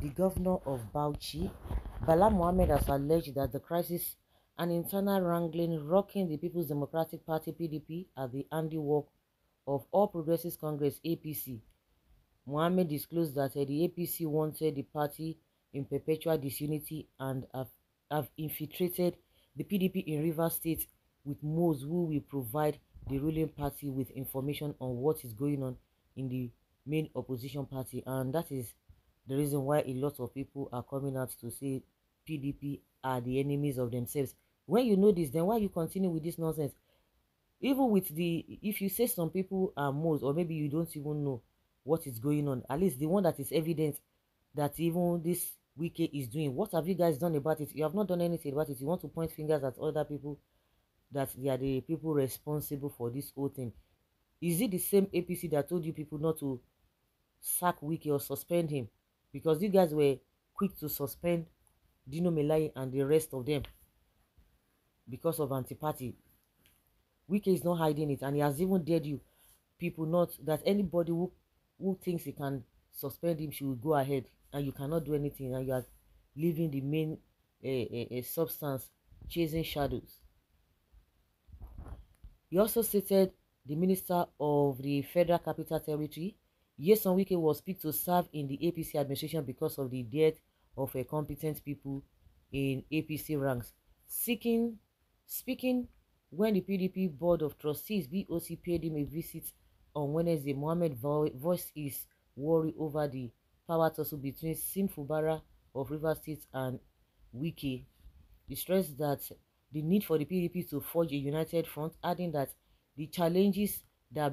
the governor of Bauchi, Bala Mohammed has alleged that the crisis and internal wrangling rocking the People's Democratic Party PDP at the handiwork of All Progressives Congress APC. Mohammed disclosed that uh, the APC wanted the party in perpetual disunity and have, have infiltrated the PDP in Rivers State with Moose who will provide the ruling party with information on what is going on in the main opposition party and that is the reason why a lot of people are coming out to say PDP are the enemies of themselves. When you know this, then why you continue with this nonsense? Even with the, if you say some people are most, or maybe you don't even know what is going on, at least the one that is evident that even this Wiki is doing, what have you guys done about it? You have not done anything about it. You want to point fingers at other people that they are the people responsible for this whole thing. Is it the same APC that told you people not to sack Wiki or suspend him? because you guys were quick to suspend Dino Melai and the rest of them because of antipathy. Wike is not hiding it, and he has even dared you people not that anybody who who thinks he can suspend him should go ahead, and you cannot do anything, and you are leaving the main a uh, uh, substance chasing shadows. He also stated the Minister of the Federal Capital Territory Yeson Wike was picked to serve in the APC administration because of the death of a competent people in APC ranks. Seeking, speaking when the PDP Board of Trustees BOC paid him a visit on Wednesday, Mohammed vo- voiced his worry over the power tussle between Sim Fubara of River State and Wiki. He stressed that the need for the PDP to forge a united front, adding that the challenges that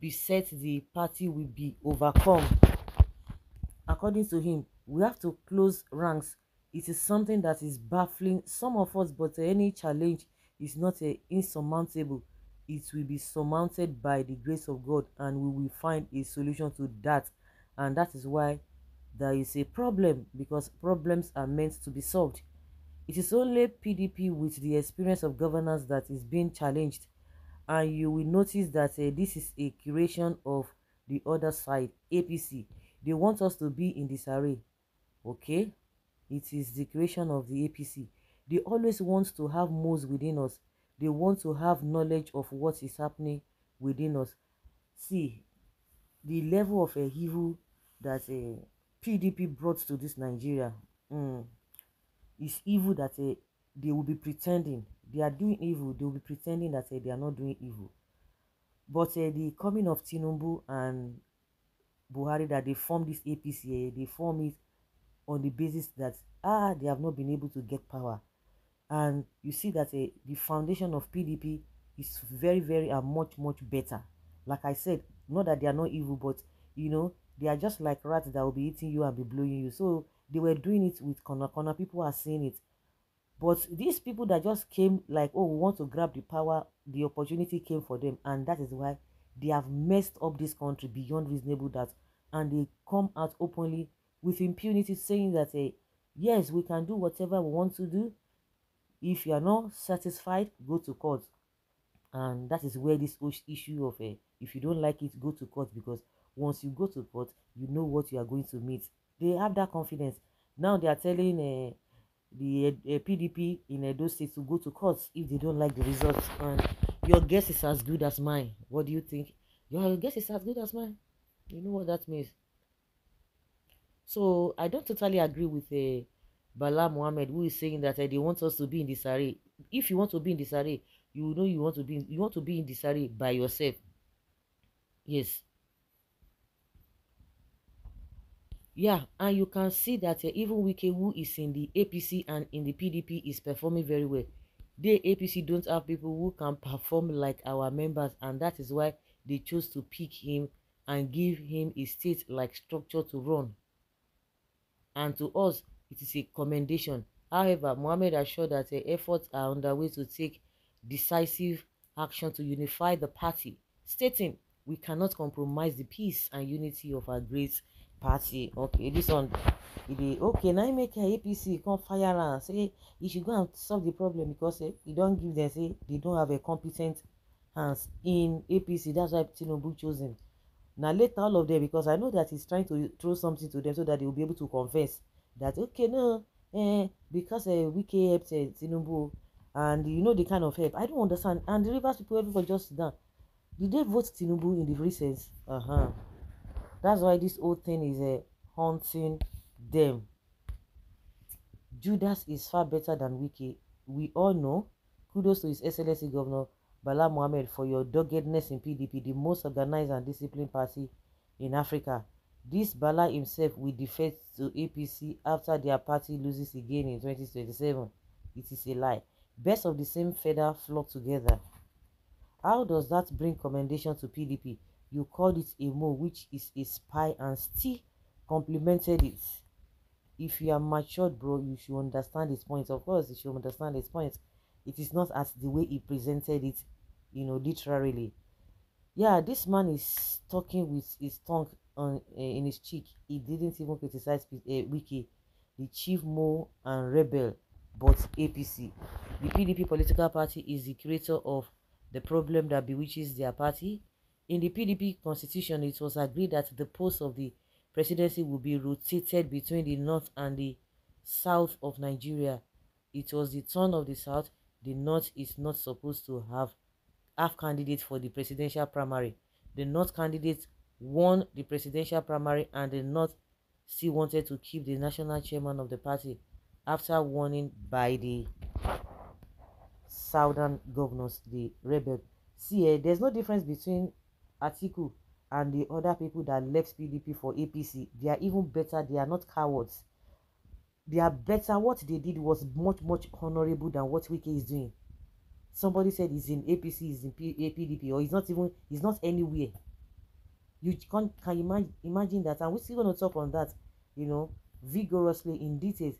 beset the party will be overcome. According to him, we have to close ranks. It is something that is baffling some of us, but any challenge is not a insurmountable. It will be surmounted by the grace of God, and we will find a solution to that. And that is why there is a problem because problems are meant to be solved. It is only PDP with the experience of governance that is being challenged and you will notice that uh, this is a creation of the other side apc they want us to be in disarray okay it is the creation of the apc they always want to have moves within us they want to have knowledge of what is happening within us see the level of uh, evil that uh, eh, pdp brought to this nigeria mm, is evil that uh, they will be pretending they are doing evil, they will be pretending that uh, they are not doing evil. But uh, the coming of Tinubu and Buhari, that they form this APCA, eh, they form it on the basis that ah they have not been able to get power, and you see that uh, the foundation of PDP is very very and much much better. Like I said, not that they are not evil, but you know they are just like rats that will be eating you and be blowing you. So they were doing it with corner corner. People are seeing it But these people that just came like, oh, we want to grab the power, the opportunity came for them. And that is why they have messed up this country beyond reasonable doubt. And they come out openly with impunity saying that, hey, eh, yes, we can do whatever we want to do. If you are not satisfied, go to court. And that is where this issue of, hey, eh, if you don't like it, go to court. Because once you go to court, you know what you are going to meet. They have that confidence. Now they are telling... Uh, the uh, eh, eh, PDP in Edo State to go to court if they don't like the results. And your guess is as good as mine. What do you think? Your guess is as good as mine. You know what that means. So I don't totally agree with uh, Bala Mohammed who is saying that uh, they want us to be in disarray. If you want to be in disarray, you know you want to be in, you want to be in disarray by yourself. Yes, Yeah, and you can see that uh, even Wike, who is in the APC and in the PDP, is performing very well. The APC don't have people who can perform like our members, and that is why they chose to pick him and give him a state-like structure to run. And to us, it is a commendation. However, Mohammed assured that uh, efforts are underway to take decisive action to unify the party, stating, we cannot compromise the peace and unity of our great party okay this one e dey okay na im make apc come fire am say e should go and solve the problem because eh, e don give them say they don have a competent hands in apc that's why tinubu chose him na later all of them because i know that he's trying to throw something to them so that they will be able to converse that okay no eh, because eh, wike helped eh, tinubu and you know the kind of help i don't understand and the rivers people everybody just sit down did they vote tinubu in the recess uh-huh. That's why this whole thing is uh, haunting them. Judas is far better than Wiki. We all know. Kudos to his SLC governor Bala Mohammed for your doggedness in PDP, the most organized and disciplined party in Africa. This Bala himself will defect to APC after their party loses again in 2027. It is a lie. Best of the same feather flock together. How does that bring commendation to PDP? You called it a mole, which is a spy, and still complimented it. If you are matured, bro, you should understand his points. Of course, you should understand his points. It is not as the way he presented it, you know, literally. Yeah, this man is talking with his tongue on uh, in his cheek. He didn't even criticize uh, Wiki, the chief mole and rebel, but APC. The PDP political party is the creator of the problem that bewitches their party in the PDP constitution, it was agreed that the post of the presidency would be rotated between the north and the south of Nigeria. It was the turn of the south. The north is not supposed to have half candidates for the presidential primary. The north candidates won the presidential primary and the north still wanted to keep the national chairman of the party after warning by the southern governors, the rebel. See, eh, there's no difference between Atiku and the other people that left PDP for APC, they are even better. They are not cowards. They are better. What they did was much, much honorable than what Wike is doing. Somebody said he's in APC, he's in P- PDP, or he's not even, he's not anywhere. You can't can imagine, imagine that. And we're still going to talk on that, you know, vigorously in detail.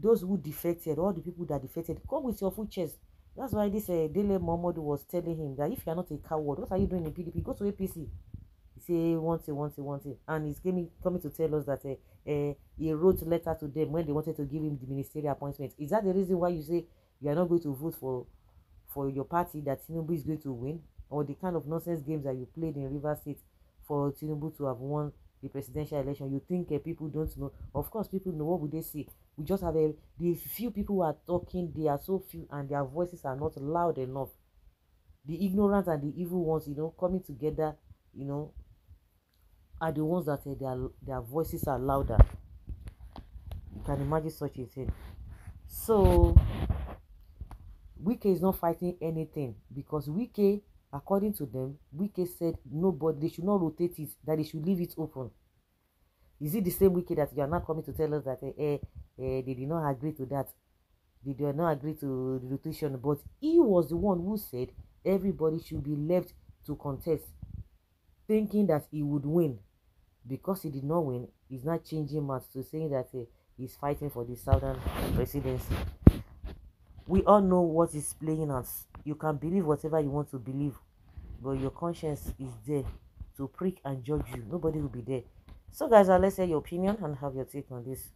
Those who defected, all the people that defected, come with your full chest. That's why this uh, Dele Momodu was telling him that if you are not a coward, what are you doing in PDP? Go to APC. He say want it, want it, want it, and he's coming coming to tell us that uh, uh, he wrote letter to them when they wanted to give him the ministerial appointment. Is that the reason why you say you are not going to vote for for your party that Tinubu is going to win, or the kind of nonsense games that you played in River State for Tinubu to have won the presidential election you think uh, people don't know of course people know what would they say? we just have a the few people who are talking they are so few and their voices are not loud enough the ignorant and the evil ones you know coming together you know are the ones that uh, their their voices are louder you can imagine such a thing so wike is not fighting anything because wike According to them, Wike said nobody they should not rotate it, that they should leave it open. Is it the same Wike that you are now coming to tell us that eh, eh, eh, they did not agree to that? They did not agree to the rotation, but he was the one who said everybody should be left to contest, thinking that he would win. Because he did not win, he's not changing maths to saying that eh, he's fighting for the southern presidency. We all know what he's playing us You can believe whatever you want to believe, but your conscience is there to prick and judge you. Nobody will be there. So, guys, I'll let's say your opinion and have your take on this.